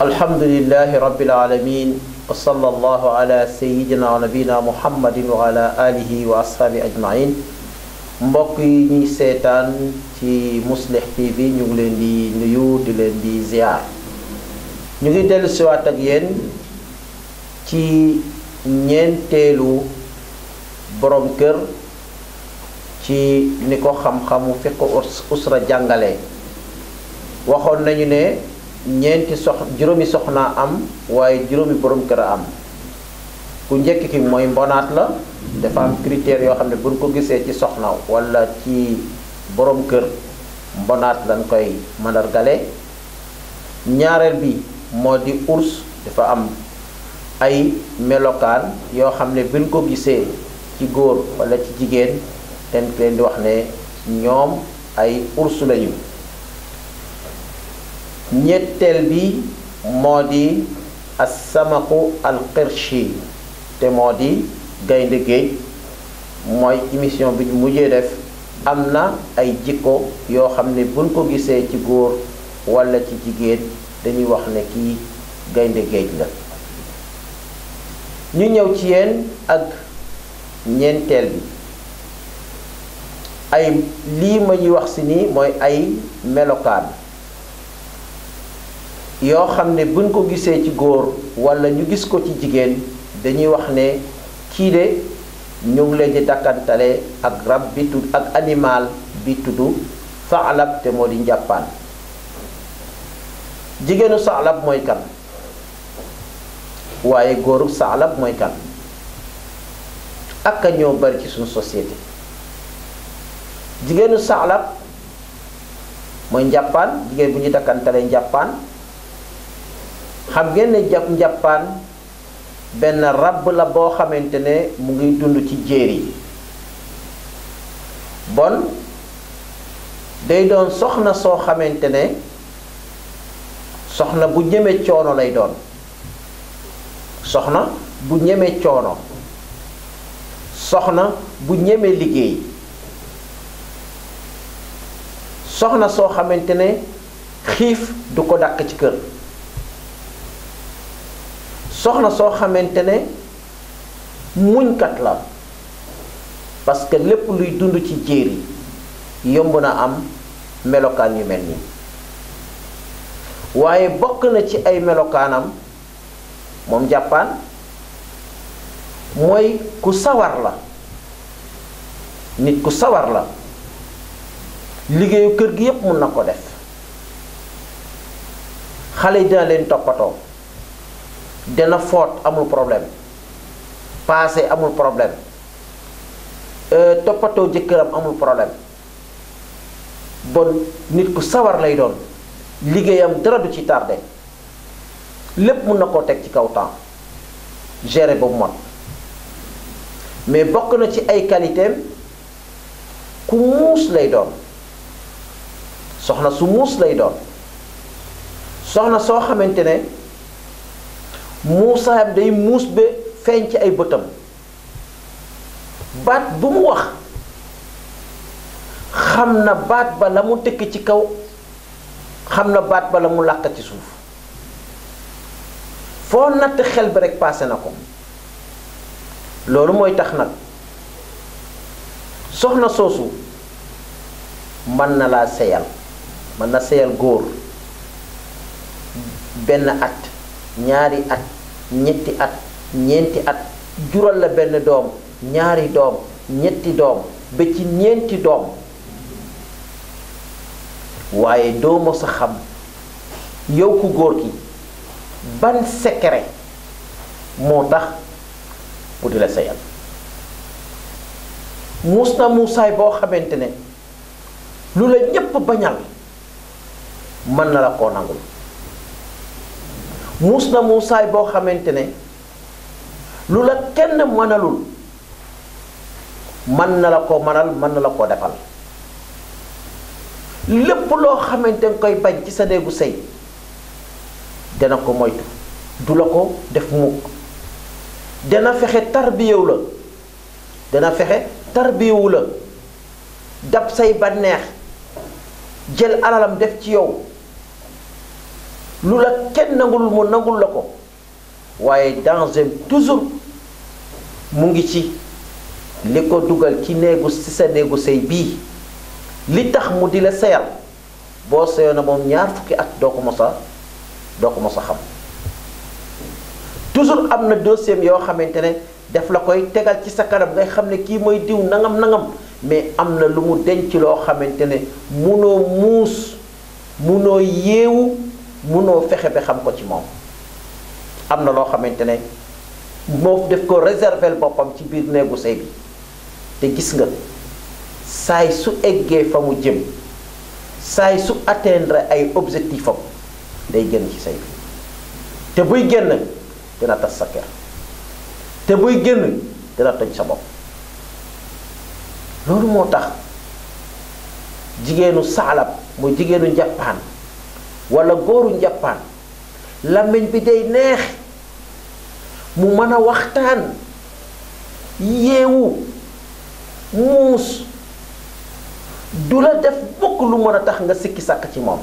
alhamdulilahi rabbil alamin wa sallallahu ala sayidina wa nabina muhammadin wa ala wa ashaabi ajmain mbokk yi ñuy seetaan ci muslih tv ñu ngi leen di nuyu di leen di ziar ñu ngi dellu siwaat ak yéen ci ñeenteelu borom kër ci ni ko xam-xamu fiqh usra jàngale waxoon nañu ne ñeenti sox juróomi soxnaa am waaye juróomi borom kër a am ku njëkk ki mooy mbonaat la dafa am critères yoo xam ne buñ ko gisee ci soxna wala ci boroom kër mbonaat lañ koy mandargale ñaareel bi moo di urs dafa am ay melokaan yoo xam ne buñ ko gisee ci góor walla ci jigéen dañ leen di wax ne ñoom ay urs lañu ñetteel bi moo di asamaku alqirshi te moo di gaynde géej mooy émission bi ñu mujjee def am na ay jikko yoo xam ne buñ ko gisee ci góor walla ci jigéen dañuy wax ne kii gaynde géej la ñu ñëw ci yéen ak ñeenteel bi ay lii ma ñuy wax si nii mooy ay melokaan yoo xam ne buñ ko gisee ci góor wala ñu gis ko ci jigéen dañuy wax ne kii de ñu ngi leen di dakkantale ak rab bi tudd ak animal bi tudd saalab te moo di njàppaan jigéenu saalab mooy kan waaye góoru saalab mooy kan ak a ñoo bari ci suñu société jigéenu saalab mooy njàppaan jigéen bu ñuy dakkantalee njàppaan xam ngeen ne jàpp njàppaan benn rab la boo xamante ne mu ngi dund ci jéer yi bon day doon soxna soo xamante ne soxna bu ñeme coono lay doon soxna bu ñeme soxna bu ñeme liggéey soxna soo xamante ne xiif du ko dàq ci kër soxna soo xamante ne muñkat la parce que lépp luy dund ci jéeri yomb na am melokaan yu mel nii waaye bokk na ci ay melokaanam moom jàppaan mooy ku sawar la nit ku sawar la liggéeyu kër gi yépp mun na ko def xale yi dina leen toppatoo dana foot amul problème passé amul problème euh, toppatoo jëkkëram amul problème bon nit ku sawar lay doon liggéeyam dara du ci tardé lépp mën na koo teg ci kaw temps gérer ba mot mais bokk na ci ay qualitéem ku muus lay doon soxna su muus lay doon soxna soo xamante ne muusaayam day muus ba feeñ ci ay bëtam baat bu mu wax xam na baat ba la mu tëkk ci kaw xam na baat ba la mu làq ci suuf foo natt xel bi rekk paase na ko loolu mooy tax nag soxna soosu mën na laa seyal mën na seyal góor benn at ñaari at ñetti at ñeenti at jural la benn doom ñaari doom ñetti doom ba ci ñeenti doom waaye doo mos xam yow ku góor ki ban secret moo tax mu di la sayal muus na muusaay boo xamante ne lu la ñépp bañal mën na la ko nangul muus na muusaay boo xamante ne lu la kenn mënalul mën na la ko mënal mën na la ko defal lépp loo xamante nga koy bañ ci sa néegu sëy dana ko moytu du la ko def mukk dana fexe tarbiyewu la dana fexe tarbiyewu la dab say bànneex jël alalam def ci yow lu la kenn nangul mu nangul la ko waaye danger toujours mu ngi ci li ko dugal ci néegu ci sa néegu sëy bii li tax mu di la seyal boo seyoon na moom ñaar fukki at doo ko mos doo ko mos xam toujours am na dossier yoo xamante ne def la koy tegal ci sa kanam ngay xam ne kii mooy diw nangam nangam mais am na lu mu denc loo xamante ne munoo muus munoo yéewu mënoo fexe bi xam ko ci moom am na loo xamante ne moom def ko réserver boppam ci biir néegu sëy bi te gis nga saay su eggee fa mu jëm saay su atteindre ay objectif am day génn ci sëy bi te buy génn dina tas sa kër te buy génn dina toj sa bopp loolu moo tax jigéenu saalab muy jigéenu njàppaan wala góoru njàppaan làmmiñ bi day neex mu mën a waxtaan yeewu muus du la def mukk lu mën a tax nga sikki sàkk ci moom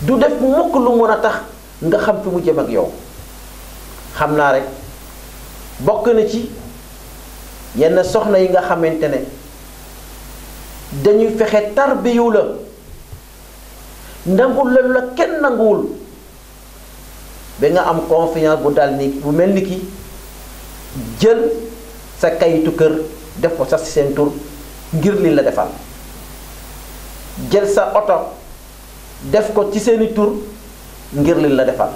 du def mukk lu mën a tax nga xam fi mu jëm ak yow xam naa rekk bokk na ci yenn soxna yi nga xamante ne dañuy fexe tarbiyu la nangul la la kenn nanguwul ba nga am confiance bu dal ni bu mel ni ki jël sa kayitu kër def ko sa ci seen tur ngir li la defal jël sa oto def ko ci seeni tur ngir li la defal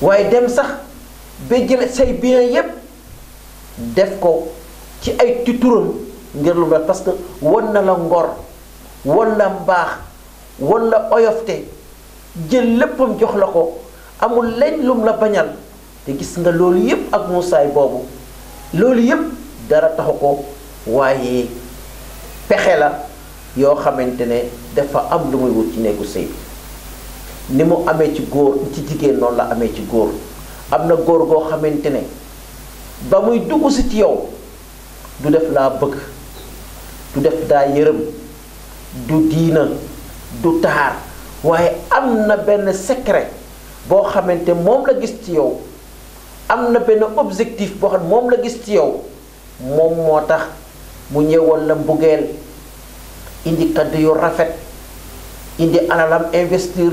waaye dem sax ba jël say bien yépp def ko ci ay ci ngir lu mel parce que won na la ngor won na baax wala oyofte jël léppam jox la ko amul lañ lum la bañal te gis nga loolu yépp ak muusaay boobu loolu yépp dara taxu ko waaye pexe la yoo xamante ne dafa am lu muy wut ci néegu sëy ni mu amee ci góor ci jigéen noonu la amee ci góor am na góor goo xamante ne ba muy dugg si ci yow du def laa bëgg du def daa yërëm du diina du taar waaye am na benn secret boo xamante moom la gis ci yow am na benn objectif boo xam moom la gis ci yow moom moo tax mu ñëwoon la mbugeel indi kaddu yu rafet indi alalam investir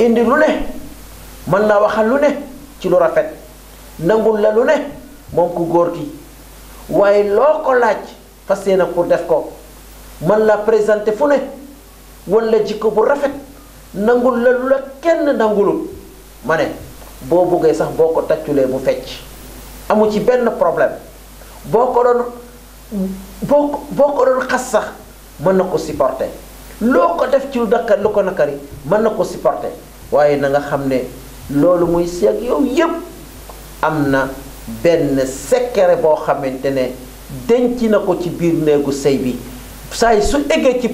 indi lu ne mën naa waxal lu ne ci lu rafet nangul la lu ne moom ku góor gi waaye loo ko laaj fas yéene pour def ko mën la présenter fu ne wan la jikko bu rafet nangu la lu la kenn nangulul ma ne boo buggee sax boo ko tàcculee mu fecc amu ci benn problème boo ko doon boo ko doon xas sax mën na ko supporter loo ko def ci lu dakar lu ko nakari mën na ko supporter waaye na nga xam ne loolu muy seeg yow yépp am na benn secret boo xamante ne denc na ko ci biir néegu sëy bi saay su eggee ci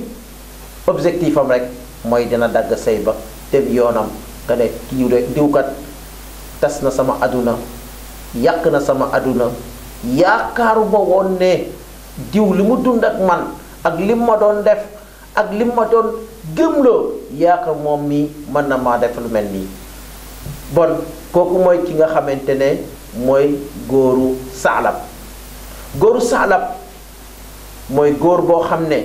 objectif am rek mooy dina dagg say ba teg yoonam nga ne kii rek diwkat tas na sama aduna yàq na sama aduna yaakaaru ma woon ne diw li mu dund ak man ak lim ma doon def ak lim ma doon gëmloo yaakaar moom mii mën na maa def lu mel nii bon kooku mooy ki nga xamante ne mooy góoru saalab góoru saalab mooy góor boo xam ne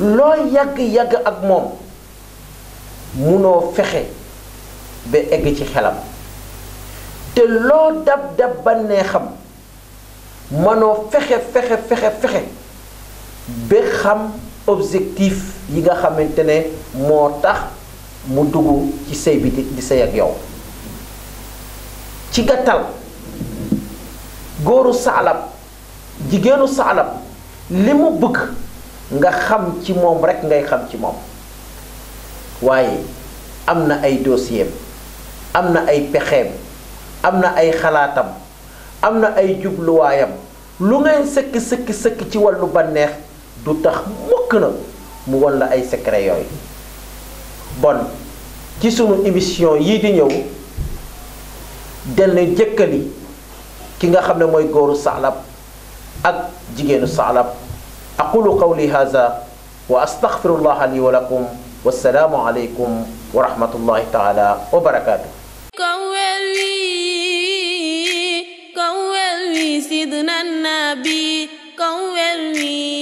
loo yàgg-yàgg ak moom mënoo fexe ba egg ci xelam te loo dab dab bannee xam mënoo fexe fexe fexe fexe ba xam objectif yi nga xamante ne moo tax mu dugg ci sëy bi di sëy ak yow ci gàttal góoru saalab jigéenu saalab li mu bukk nga xam ci moom rekk ngay xam ci moom waaye am na ay dossier am na ay pexeem am na ay xalaatam am na ay jubluwaayam lu ngay sëkk sëkk sëkk ci wàllu bànneex du tax mukk na mu won la ay secret yooyu bon ci sumu émission yii di ñëw denn jëkkali ki nga xam ne mooy góoru saalab ak jigéenu saalab aqulu qawli hadha wa astaghfirullah li wa lakum wassalaamu alaykum wa rahmatullahi taala wa barakaatu كون وي سيدنا النبي كون وي